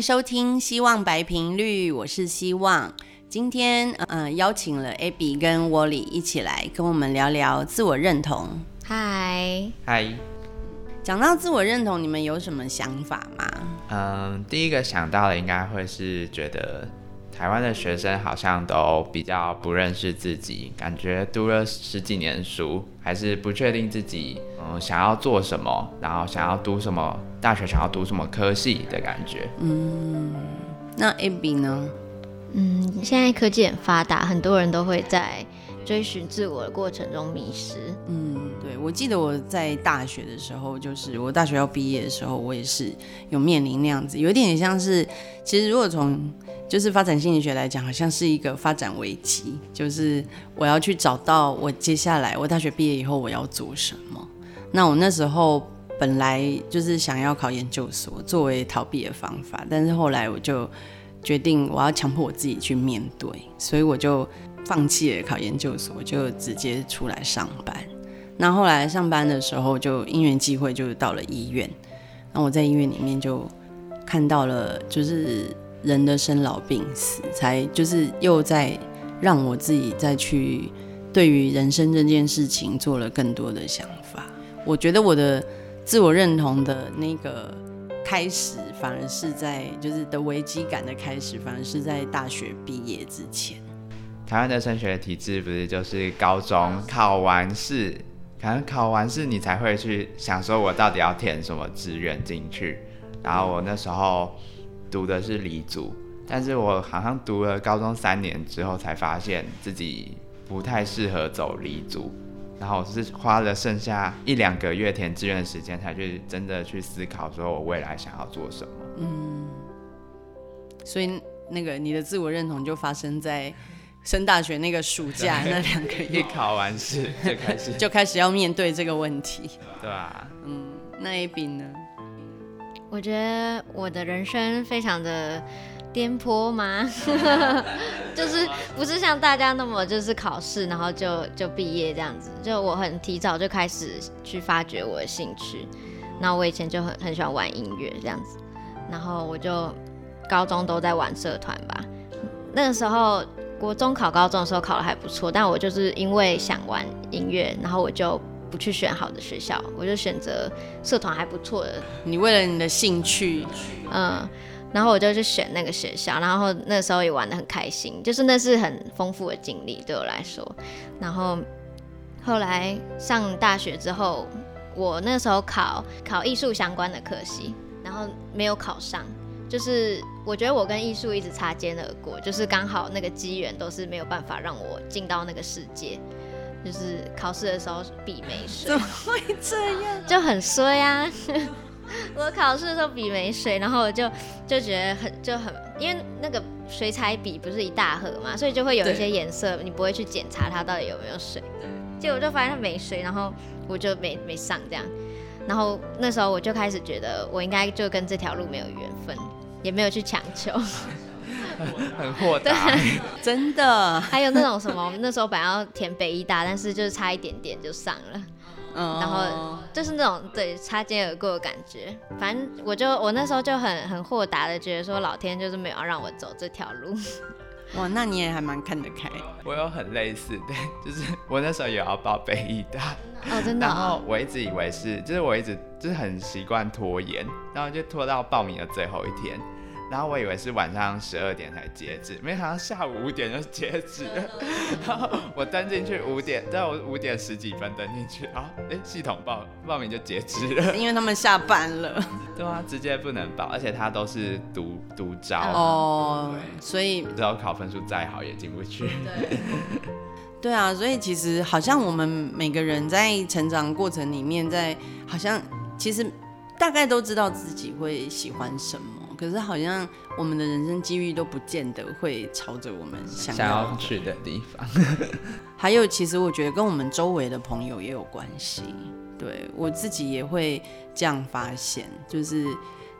收聽希望白頻率，我是希望。今天，呃，邀請了 Abby 跟 Wally 一起來跟我們聊聊自我認同。嗨嗨，講到自我認同，你們有什麼想法嗎？嗯，um, 第一個想到的應該會是覺得。台灣的學生好像都比較不認識自己，感覺讀了十幾年書，還是不確定自己，嗯，想要做什麼，然後想要讀什麼大學，想要讀什麼科系的感覺。嗯，那 Abby 呢？嗯，現在科技很發達，很多人都會在追尋自我的過程中迷失。嗯，對，我記得我在大學的時候，就是我大學要畢業的時候，我也是有面臨那樣子，有點像是，其實如果從就是發展心理學來講，好像是一個發展危機。就是我要去找到我接下來，我大學畢業以後我要做什麼。那我那時候本來就是想要考研究所作為逃避的方法，但是後來我就決定我要強迫我自己去面對，所以我就放棄了考研究所，就直接出來上班。那後來上班的時候就，就因緣際會就到了醫院。那我在醫院裡面就看到了，就是。人的生老病死，才，就是又在讓我自己再去對於人生這件事情做了更多的想法。我覺得我的自我認同的那個開始，反而是在就是的危機感的開始，反而是在大學畢業之前。台灣的升學體制不是就是高中考完試，可能考完試你才會去想說，我到底要填什麼志願進去。然後我那時候。讀的是理組，但是我好像讀了高中三年之後，才發現自己不太適合走理組。然後是花了剩下一兩個月填志願的時間，才去真的去思考說我未來想要做什麼。嗯，所以那個你的自我認同就發生在升大學那個暑假那兩個月對，考完試就開始就開始要面對這個問題，對吧、啊？嗯，那一筆呢？我覺得我的人生非常的顛簸嗎？ 就是不是像大家那麼就是考試，然後就就畢業這樣子。就我很提早就開始去發掘我的興趣，然後我以前就很很喜歡玩音樂這樣子，然後我就高中都在玩社團吧。那個時候國中考高中的時候考得還不錯，但我就是因為想玩音樂，然後我就。不去選好的學校，我就選擇社團還不錯的。你為了你的興趣，嗯，然後我就去選那個學校，然後那時候也玩得很開心，就是那是很豐富的經歷對我來說。然後後來上大學之後，我那時候考考藝術相關的科系，然後沒有考上，就是我覺得我跟藝術一直擦肩而過，就是剛好那個機緣都是沒有辦法讓我進到那個世界。就是考試的時候筆沒水，怎麼會這樣？ 就很衰啊！ 我考試的時候筆沒水，然後我就就覺得很就很，因為那個水彩筆不是一大盒嘛，所以就會有一些顏色，對你不會去檢查它到底有沒有水。結果我就發現它沒水，然後我就沒沒上這樣。然後那時候我就開始覺得，我應該就跟這條路沒有緣分，也沒有去強求。 很豁達達 對， 真的。 還有那種什麼，我們那時候本來要填北醫大，但是就是差一點點就上了，嗯， 然後就是那種對擦肩而過的感覺。反正我就我那時候就很很豁達的覺得說，老天就是沒有要讓我走這條路。哇，那你也還蠻看得開。我有很類似，對，就是我那時候也要報北醫大，哦，真的啊。然後我一直以為是，就是我一直就是很習慣拖延，然後就拖到報名的最後一天。然後我以為是晚上十二點才截止，沒想到下午五點就截止了。然後我登進去五點，在我五點十幾分登進去啊，哎，系統報報名就截止了。因為他們下班了。對啊對，直接不能報，而且他都是獨獨招。哦，對所以只要考分數再好也進不去。對。 對啊，所以其實好像我們每個人在成長過程裡面在，好像其實大概都知道自己會喜歡什麼。可是好像我們的人生機遇都不見得會朝着我們想要去的地方。還有，其實我覺得跟我們周圍的朋友也有關係。對，我自己也會這樣發現，就是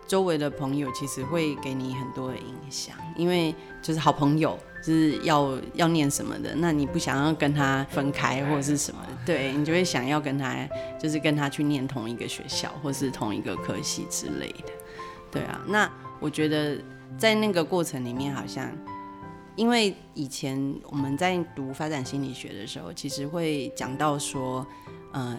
周圍的朋友其實會給你很多的影響，因為就是好朋友就是要要念什麼的，那你不想要跟他分開或者是什麼，對你就會想要跟他，就是跟他去念同一個學校，或是同一個科系之類的。對啊，那。我覺得在那個過程裡面，好像因為以前我們在讀發展心理學的時候，其實會講到說，嗯、呃。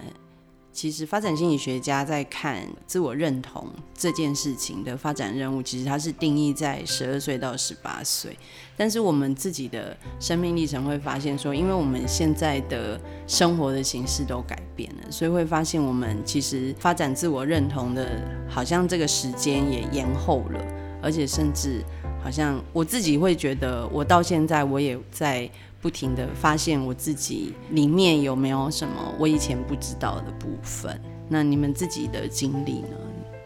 其實發展心理學家在看自我認同這件事情的發展任務，其實它是定義在十二歲到十八歲。但是我們自己的生命歷程會發現說，因為我們現在的生活的形式都改變了，所以會發現我們其實發展自我認同的，好像這個時間也延後了，而且甚至。好像我自己會覺得，我到現在我也在不停的發現我自己裡面有沒有什麼我以前不知道的部分。那你們自己的經歷呢？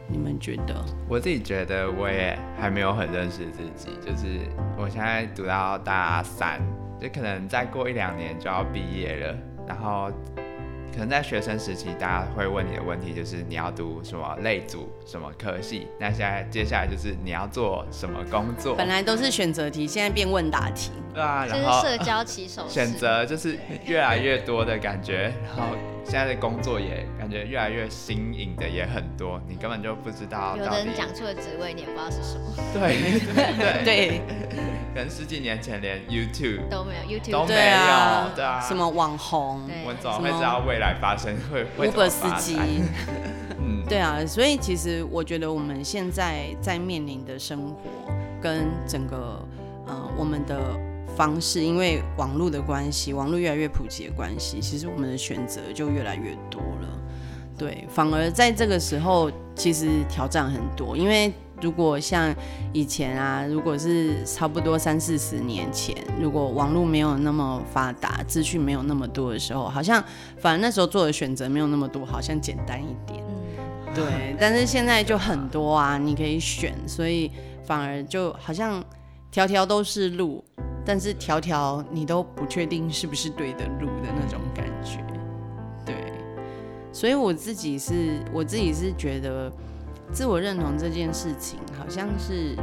你們覺得？我自己覺得我也還沒有很認識自己，就是我現在讀到大三，就可能再過一兩年就要畢業了，然後。可能在學生時期，大家會問你的問題就是你要讀什麼類組、什麼科系？那現在接下來就是你要做什麼工作。本來都是選擇題，現在變問答題。對啊，然後就是社交騎手 選擇就是越來越多的感覺，然後。現在的工作也感覺越來越新穎的也很多，你根本就不知道。有人講錯的職位，你也不知道是什麼。對對 對。對 對 可能十幾年前連 YouTube 都沒有，YouTube 都沒有，沒有對啊。對啊對啊什麼網紅？對我們怎麼會知道未來發生會什麼 會發生 Uber 司機。 嗯，對啊，所以其實我覺得我們現在在面臨的生活跟整個、呃、我們的。方式，因為網絡的關係，網絡越來越普及的關係，其實我們的選擇就越來越多了。對，反而在這個時候，其實挑戰很多。因為如果像以前啊，如果是差不多三四十年前，如果網絡沒有那麼發達，資訊沒有那麼多的時候，好像反而那時候做的選擇沒有那麼多，好像簡單一點。對。但是現在就很多啊，你可以選，所以反而就好像條條都是路。但是條條你都不確定是不是對的路的那種感覺，對，所以我自己是我自己是覺得自我認同這件事情，好像是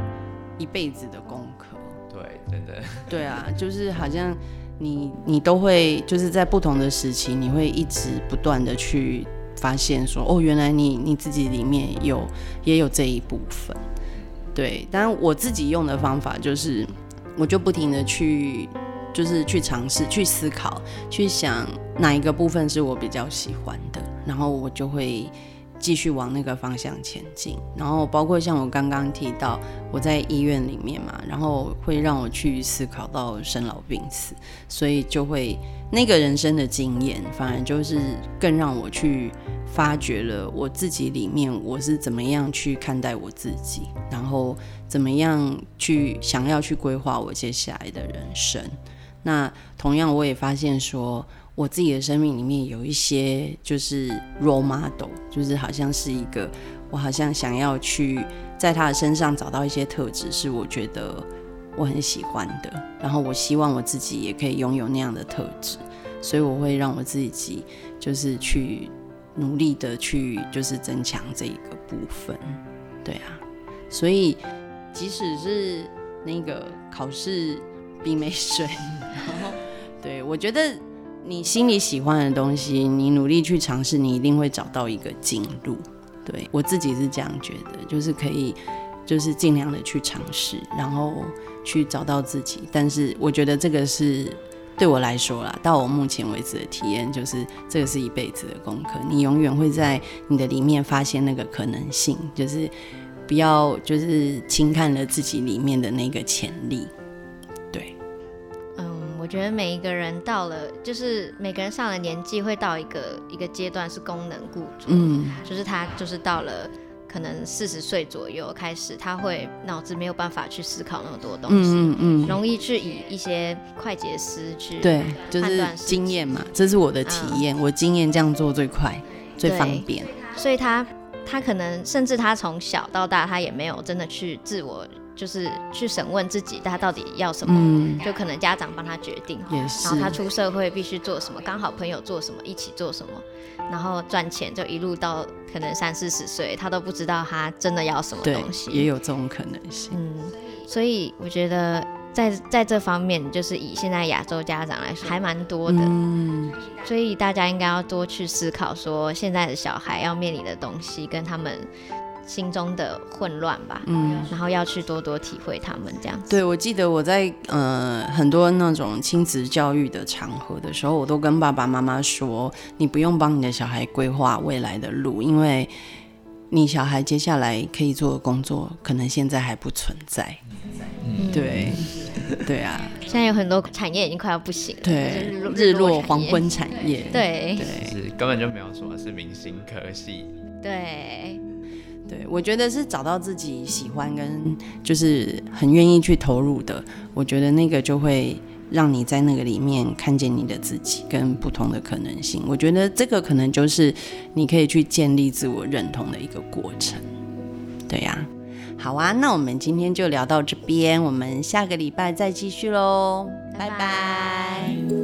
一輩子的功課，對，真的，對啊，就是好像你你都會就是在不同的時期，你會一直不斷的去發現說，哦，原來你你自己裡面有也有這一部分，對，但我自己用的方法就是。我就不停地去，就是去嘗試、去思考、去想哪一個部分是我比較喜歡的，然後我就會繼續往那個方向前進。然後包括像我剛剛提到，我在醫院裡面嘛，然後會讓我去思考到生老病死，所以就會那個人生的經驗，反而就是更讓我去。發覺了我自己裡面，我是怎麼樣去看待我自己，然後怎麼樣去想要去規劃我接下來的人生。那同樣，我也發現說，我自己的生命裡面有一些就是 role model，就是好像是一個我好像想要去在他的身上找到一些特質，是我覺得我很喜歡的。然後我希望我自己也可以擁有那樣的特質，所以我會讓我自己就是去。努力的去就是增強這一個部分，對啊，所以即使是那個考試並沒水，然後、oh. 對，我覺得你心裡喜歡的東西，你努力去嘗試，你一定會找到一個進路。對我自己是這樣覺得，就是可以，就是盡量的去嘗試，然後去找到自己。但是我覺得這個是。對我來說啦，到我目前為止的體驗就是，這個是一輩子的功課。你永遠會在你的裡面發現那個可能性，就是不要就是輕看了自己裡面的那個潛力。對，嗯，我覺得每一個人到了，就是每個人上了年紀會到一個一個階段是功能固着，嗯，就是他就是到了。可能四十歲左右開始，他會腦子沒有辦法去思考那麼多東西，嗯嗯，容易去以一些快捷思去，對，判斷是就是經驗嘛，這是我的體驗，嗯、我經驗這樣做最快對最方便，所以他他可能甚至他從小到大他也沒有真的去自我。就是去審問自己，他到底要什麼？嗯、就可能家長幫他決定，也是。然後他出社會必須做什麼，剛好朋友做什麼，一起做什麼，然後賺錢，就一路到可能三四十歲，他都不知道他真的要什麼東西。對，也有這種可能性。嗯，所以我覺得在在這方面，就是以現在亞洲家長來說，還蠻多的。嗯，所以大家應該要多去思考，說現在的小孩要面臨的東西跟他們。心中的混亂吧，嗯，然後要去多多體會他們這樣子。對，我記得我在呃很多那種親子教育的場合的時候，我都跟爸爸媽媽說，你不用幫你的小孩規劃未來的路，因為你小孩接下來可以做的工作，可能現在還不存在。嗯、對，嗯、對啊，現在有很多產業已經快要不行了，對日，日落黃昏產業，對，是根本就沒有什麼是明星科系，對。對對對，我覺得是找到自己喜歡跟就是很願意去投入的，我覺得那個就會讓你在那個裡面看見你的自己跟不同的可能性。我覺得這個可能就是你可以去建立自我認同的一個過程。對呀，啊，好啊，那我們今天就聊到這邊，我們下個禮拜再繼續嘍，拜拜。